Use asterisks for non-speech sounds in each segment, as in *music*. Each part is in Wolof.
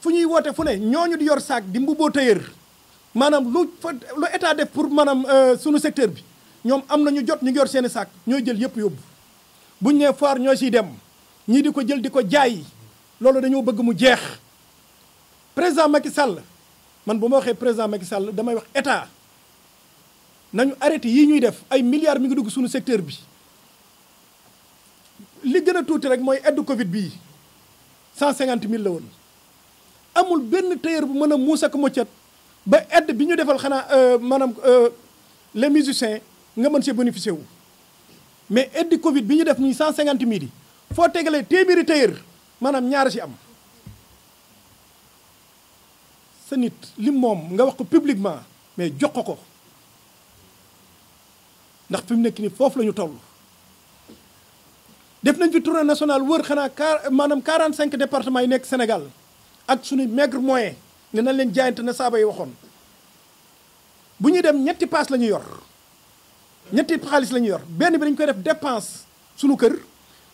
fu ñuy woote fu ne ñooñu di yor saak di mbubboo tëyër maanaam lu fa lu état def pour maanaam euh, sunu secteur bi ñoom am na ñu jot ñu ngi yor seeni saak ñooy jël yëpp yóbbu buñ nee foire ñoo siy dem ñii di ko jël di ko jaay loolu dañoo bëgg mu jeex président Macky Sall man bu ma waxee président Macky Sall damay wax état nañu arrêté yii ñuy def ay milliards mi ngi dugg suñu secteur bi li gën a tuuti rek mooy aide Covid bii cent cinquante mille la woon amul benn tailleur bu mën a muus ak moccat ba edd bi ñu defal xanaa euh, maanaam euh, les musiciens nga mën see bénéficier wu. mais aide Covid bi ñu def nii cent cinquante mille foo tegalee téeméeri tailleur maanaam ñaar si am sa nit li moom nga wax ko publiquement mais jox ko ko ndax fi mu nekk nii foofu la ñu toll. def nañ fi tournée nationale wër xanaa car maanaam 45 départements yi nekk Sénégal. ak suñu maigre moyen ne na leen jaayante na saaba yi waxoon bu ñu dem ñetti paas la ñu yor ñetti xaalis la yor benn bi dañ koy def dépense suñu kër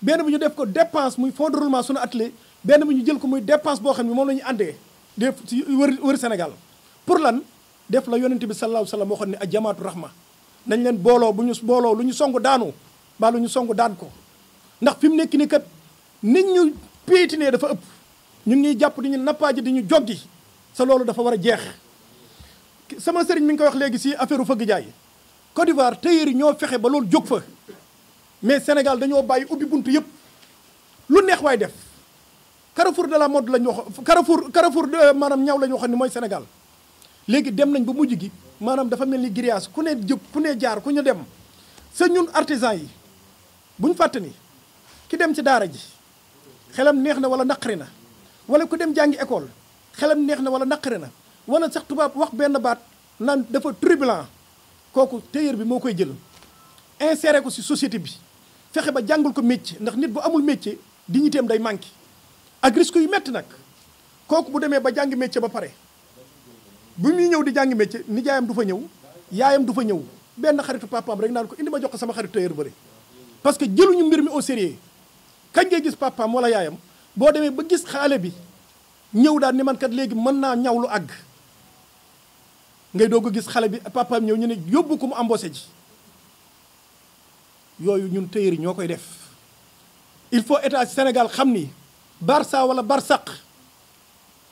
benn bu ñu def ko dépense muy fonds suñu atelier benn bu ñu jël ko muy depanse boo xam ne moom la ñu àndee def ci wër wër Sénégal pour lan def la yonent bi sallallahu alayhi wa sallam waxoon ni ak jamaatu rahma nañ leen booloo bu ñu booloo lu ñu song daanu mbaa lu ñu song daan ko ndax fi mu nekk ni kat nit ñu piétinee dafa ëpp ñun ñuy jàpp di ñu nappaaji di ñu joggi sa loolu dafa war a jeex sama sëriñ mi ngi koy wax léegi si affaire u fëgg jaay Côte d'Ivoire tailleur ñoo fexe ba loolu jóg fa mais Sénégal dañoo bàyyi ubbi bunt yëpp lu neex waay def Carrefour de la mode la ñu wax Carrefour Carrefour maanaam ñaw la ñu waxoon ni mooy Sénégal léegi dem nañ ba mujj gi maanaam dafa mel ni grillage ku ne jëp ku ne jaar ku ñu dem sa ñun artisan yi buñ fàtte ni ki dem ci daara ji xelam neex na wala naqari na wala ku dem jàngi école xelam neex na wala naqare na wala sax tubaab wax benn baat naan dafa turbulent kooku tailleur bi moo koy jël insérer ko ci société bi fexe ba jàngul ko métier ndax nit bu amul métier dignitéem day manqué ak risque yu métti nag kooku bu demee ba jàngi métier ba pare bu ñuy ñëw di jàngi métier nijaayam du fa ñëw yaayam du fa ñëw benn xaritu papaam rek naan ko indi ma jox ko sama xaritu tailleur bëre parce que jëluñu mbir mi au sérieux kañ gis papaam wala yaayam boo demee ba gis xaale bi ñëw daal ni mankat léegi mën naa ñaw lu àgg ngay doog a gis xale bi papaam ñëw ñu ne yóbbu ko mu embauché ji yooyu ñun tailleur yi ñoo koy def. il faut état senegal xam ni Barça wala Barsaq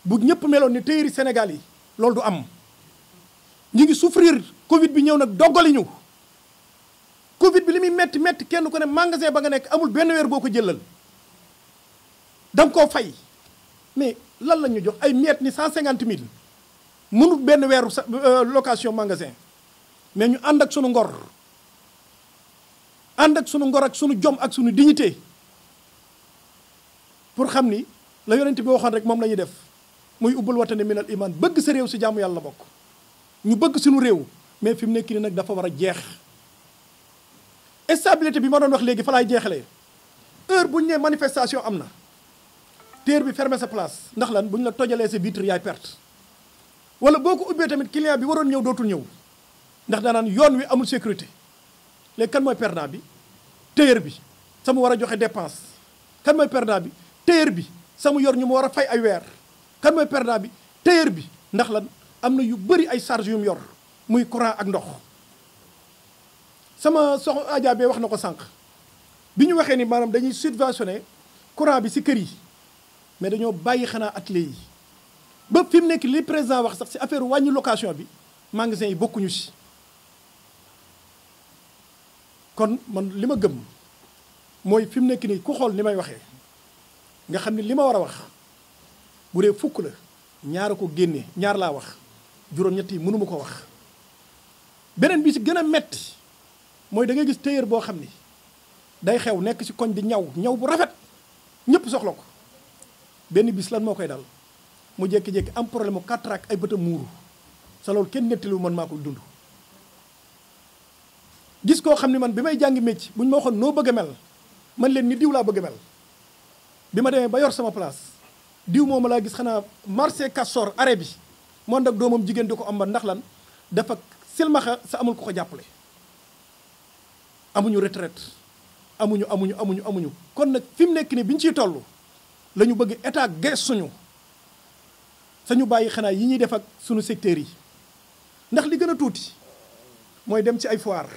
bu ñëpp meloon ni tailleur yi Sénégal yi loolu du am ñu ngi souffrir Covid bi ñëw nag doggali ñu Covid bi li muy metti metti kenn ku ne magasin ba nga nekk amul benn weer boo ko jëlal. da mais lan la jox ay ni cent euh, location magasin mais ñu avons ak suñu ngor ak dignité pour xamni la yonent bi waxon rek mom def muy watane iman bëgg sa si jaamu yalla bokk ñu bëgg mais nous nekk ni nak dafa wara stabilité bi ma doon wax fa heure manifestation amna. téer bi fermer sa place ndax lan bu ñu la tojalee sa vitre yaay perte wala boo ko ubbee tamit client bi waroon ñëw dootul ñëw ndax daanaan yoon wi amul sécurité léegi kan mooy perdant bi téer bi sama war a joxe dépense kan mooy perdant bi téer bi sama yor ñu mu war a fay ay weer kan mooy perdant bi téer bi ndax lan am na yu bari ay charge yu yor muy courant ak ndox sama sox ajaabee wax na ko sànq bi ñu waxee ni maanaam dañuy subventionné courant bi si kër yi mais dañoo bàyyi xanaa atelier yi ba fi mu nekk li président wax sax ci affaire wàññi location bi magasin yi bokkuñu ci kon man li ma gëm mooy fi mu nekk nii ku xool ni may waxee nga xam ni li ma war a wax bu dee fukk la ñaar a ko génne ñaar laa wax juróom-ñett yi mënuma ko wax beneen bi ci gën a metti mooy da ngay gis téyër boo xam ni day xew nekk ci koñ di ñaw ñaw bu rafet ñëpp soxla ko benn bis lan moo koy dal mu jékki-jékki am problème katrak ay bëtam muuru sa loolu kenn nettaliwu man maa ko dund gis koo xam ne man bi may jàngi buñ ma waxoon noo bëgg mel man leen ni diw laa bëgg mel bi ma ba yor sama place diw moom laa gis xanaa marché kassor arrêt bi moo nag doomam jigéen di ko am ba ndax lan dafa silmaxa sa amul ko ko jàppale amuñu retraite amuñu amuñu amuñu amuñu kon nag fi mu nekk la ñu bëgg état suñu sañu bàyyi xanaa yi ñuy def ak suñu secteurs yi ndax li gën a tuuti mooy dem ci ay foire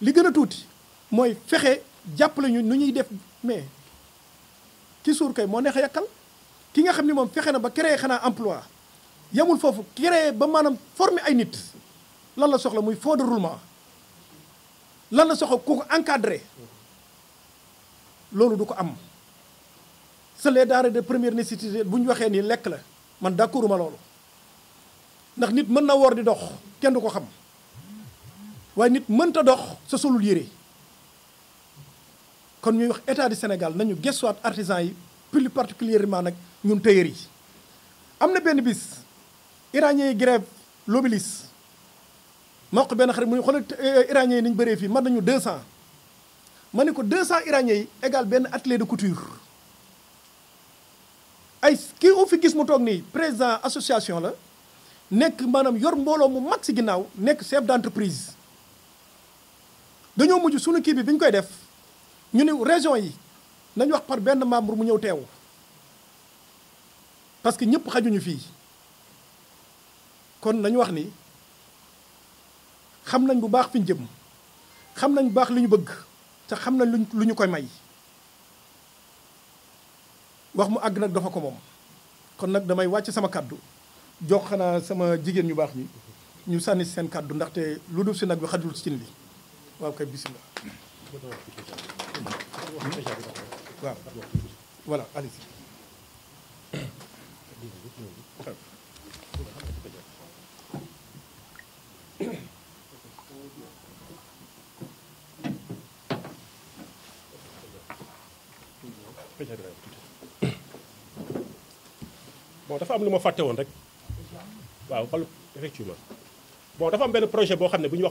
li gën a tuuti mooy fexe jàppale ñu nu ñuy def mais ki suur kay moo neex a yàkkal ki nga xam ni moom fexe na ba créer xanaa emploi yamul foofu créer ba maanaam former ay nit lan la soxla muy fond de lan la soxla ku ko encadré loolu du ko am se les denrées de première nécessité bu ñu waxee nii lekk la man d'accorduma loolu ndax nit mën na woor di dox kenn du ko xam waaye nit mënta dox sa solul yére kon ñuy wax état du Sénégal nañu gëstuwaat artisans yi plus particulièrement nag ñun tailleur am na benn bis iraniens yi grève l'Obélisque ma wax benn xarit mu ne xoolal euh, iraniens yi ni bëree fii mën nañu 200 ma ne ko 200 iraniens yi égal benn atelier de couture ay kii u fi gis mu toog nii président association la nekk maanaam yor mbooloo mu mag si ginnaaw nekk chef d'entreprise dañoo mujj suñu kii bi bi ñu koy def ñu ne région yi nañ wax par benn membre mu ñëw teew parce que ñëpp xajuñu fii kon nañu wax ni xam nañ bu baax fi ñu jëm xam nañ bu baax li ñu bëgg te xam nañ lu ñu koy may wax mu àgg nag dafa ko moom kon nag damay wàcc sama kàddu jox xanaa sama jigéen ñu baax ñi ñu sànni seen kàddu ndaxte lu dul si nag bi xajul si cin *coughs* bon dafa am lu ma fàtte woon rek waaw effectivement bon dafa am benn projet boo xam ne bu ñu wax